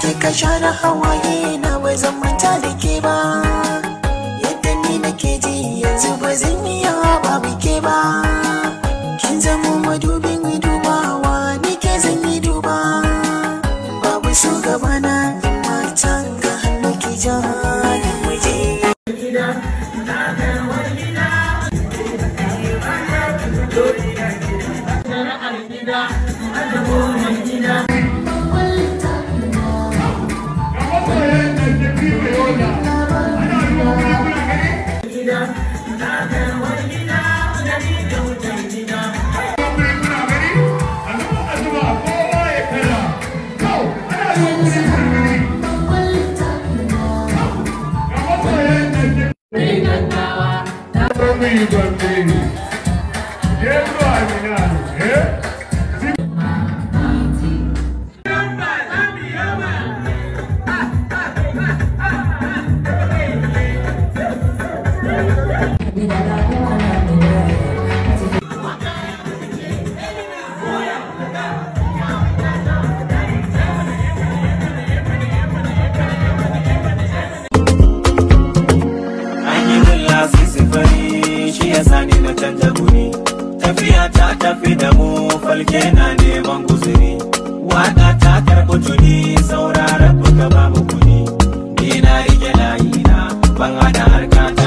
kasha share hawaye na wai zan manta da ke ba yadda ni nake ji yanzu ba zan yi ba babu ke ba kin zamo madubin dubawa ni ke zan yi duba babu shugabana matan ga hannu ki ja Thank you. sani na canja muni tafiya ta tafi da mu falke na neman guzuri waka ta karɓi juni saurarar buga babu kuɗi ina rike layi na ban hada harka